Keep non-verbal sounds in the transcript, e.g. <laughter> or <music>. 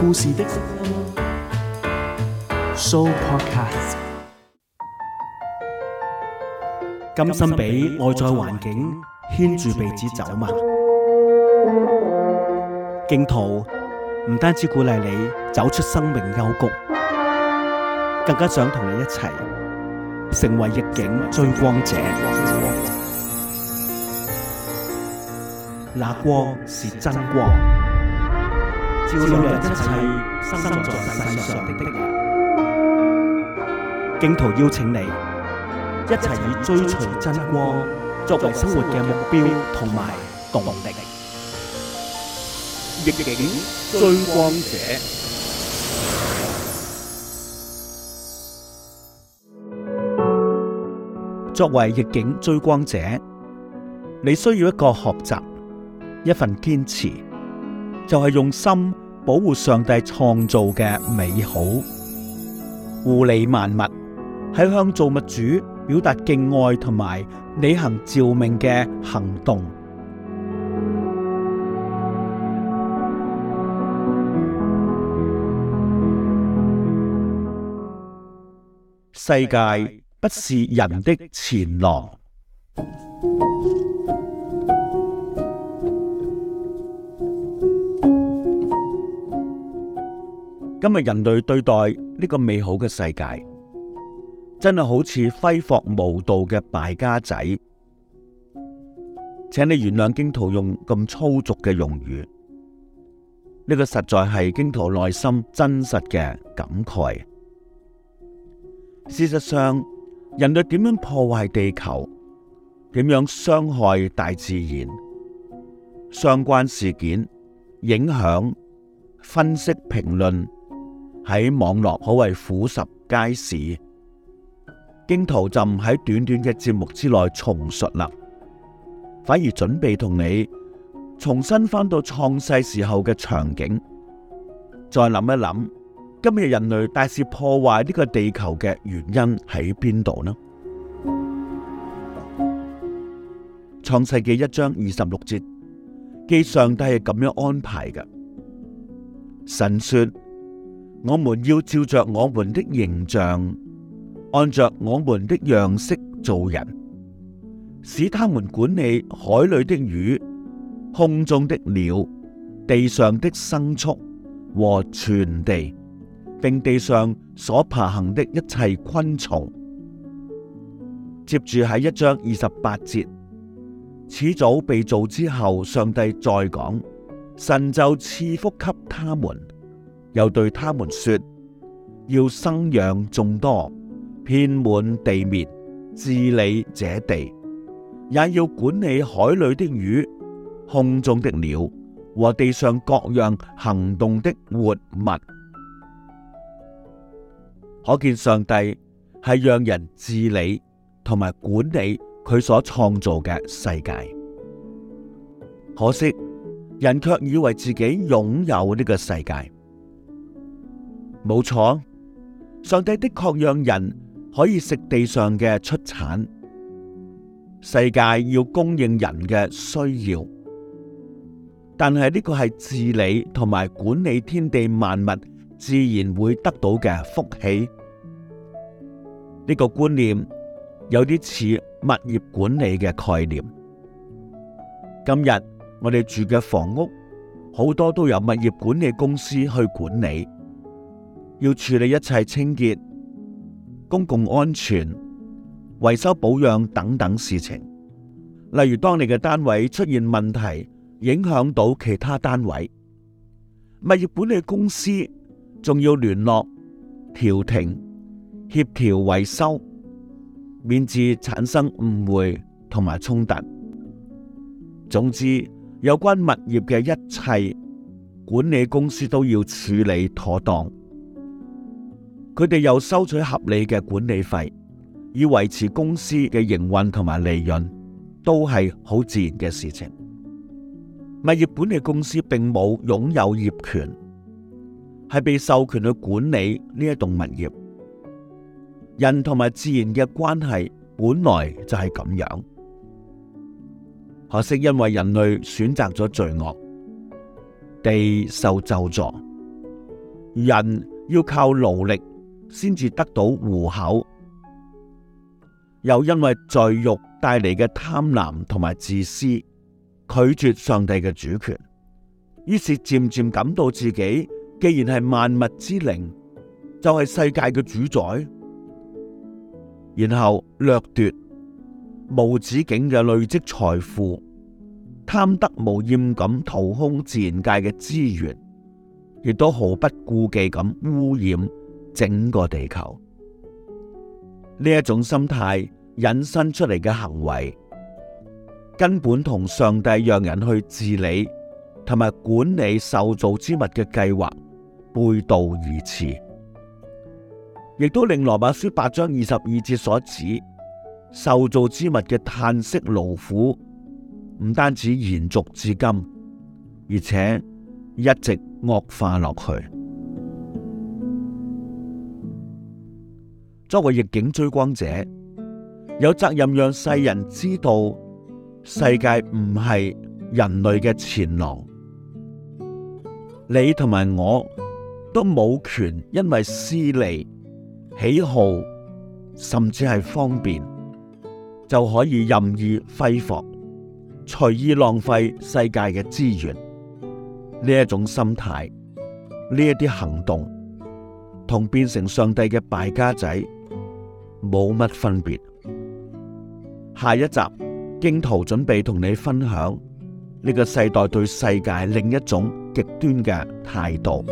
故事的 So Podcast，甘心俾外在環境牽住鼻子走嗎？荊徒唔單止鼓勵你走出生命幽谷，更加想同你一齊成為逆境追光者。那光是真光。照亮一切生存在世上的的人，荊徒邀請你一齊以追隨真光作為生活嘅目標同埋動力。逆境追光者，作為逆境追光者，你需要一個學習，一份堅持，就係用心。保護上帝創造嘅美好，護理萬物，係向造物主表達敬愛同埋履行召命嘅行動。 <noise> 世界不是人的錢囊。今日人類對待呢個美好嘅世界，真係好似揮霍無度嘅敗家仔，請你原諒荊徒用咁粗俗嘅用語，呢個實在係荊徒內心真實嘅感慨。事實上，人類點樣破壞地球，點樣傷害大自然，相關事件影響分析評論。喺網絡可謂俯拾皆是，荊徒就唔喺短短嘅節目之內重述啦，反而準備同你重新返到創世時候嘅場景，再諗一諗今日人類大肆破壞呢個地球嘅原因喺邊度呢？創世記一章二十六節，記上帝係咁樣安排嘅，神說。我們要照着我們的形象，按着我們的樣式造人，使他們管理海裏的魚、空中的鳥、地上的牲畜和全地，並地上所爬行的一切昆蟲。接住喺一章二十八節，始祖被造之後，上帝再講，神就賜福給他們。又對他們說：要生養眾多，遍滿地面，治理這地，也要管理海裏的魚，空中的鳥，和地上各樣行動的活物。可見上帝係讓人治理同埋管理佢所創造嘅世界。可惜人卻以為自己擁有呢個世界。冇錯，上帝的確讓人可以食地上嘅出產，世界要供應人嘅需要。但係呢個係治理同埋管理天地萬物自然會得到嘅福氣。呢個觀念有啲似物業管理嘅概念。今日我哋住嘅房屋好多都由物業管理公司去管理。要處理一切清潔、公共安全、維修保養等等事情，例如當你嘅單位出現問題，影響到其他單位，物業管理公司仲要聯絡、調停、協調維修，免至產生誤會同埋衝突。總之，有關物業嘅一切，管理公司都要處理妥當。佢哋又收取合理嘅管理費，以維持公司嘅營運同埋利潤，都係好自然嘅事情。物業管理公司並冇擁有業權，係被授權去管理呢一棟物業。人同埋自然嘅關係本來就係咁樣，可惜因為人類選擇咗罪惡，地受咒詛，人要靠勞力。先至得到戶口，又因為罪欲帶嚟嘅貪婪同埋自私，拒絕上帝嘅主權，於是漸漸感到自己既然係萬物之靈，就係世界嘅主宰。然後掠奪無止境嘅累積財富，貪得無厭咁掏空自然界嘅資源，亦都毫不顧忌咁污染。整個地球。呢一種心態引申出嚟嘅行為，根本同上帝讓人去治理同埋管理受造之物嘅計劃背道而馳，亦都令羅馬書八章二十二節所指受造之物嘅嘆息勞苦，唔單止延續至今，而且一直惡化落去。作為逆境追光者，有責任讓世人知道世界唔係人類嘅錢囊。你同埋我都冇權，因為私利、喜好，甚至係方便就可以任意揮霍、隨意浪費世界嘅資源。呢一種心態，呢一啲行動，同變成上帝嘅敗家仔。冇乜分別。下一集，荊徒準備同你分享呢、這個世代對世界另一種極端嘅態度。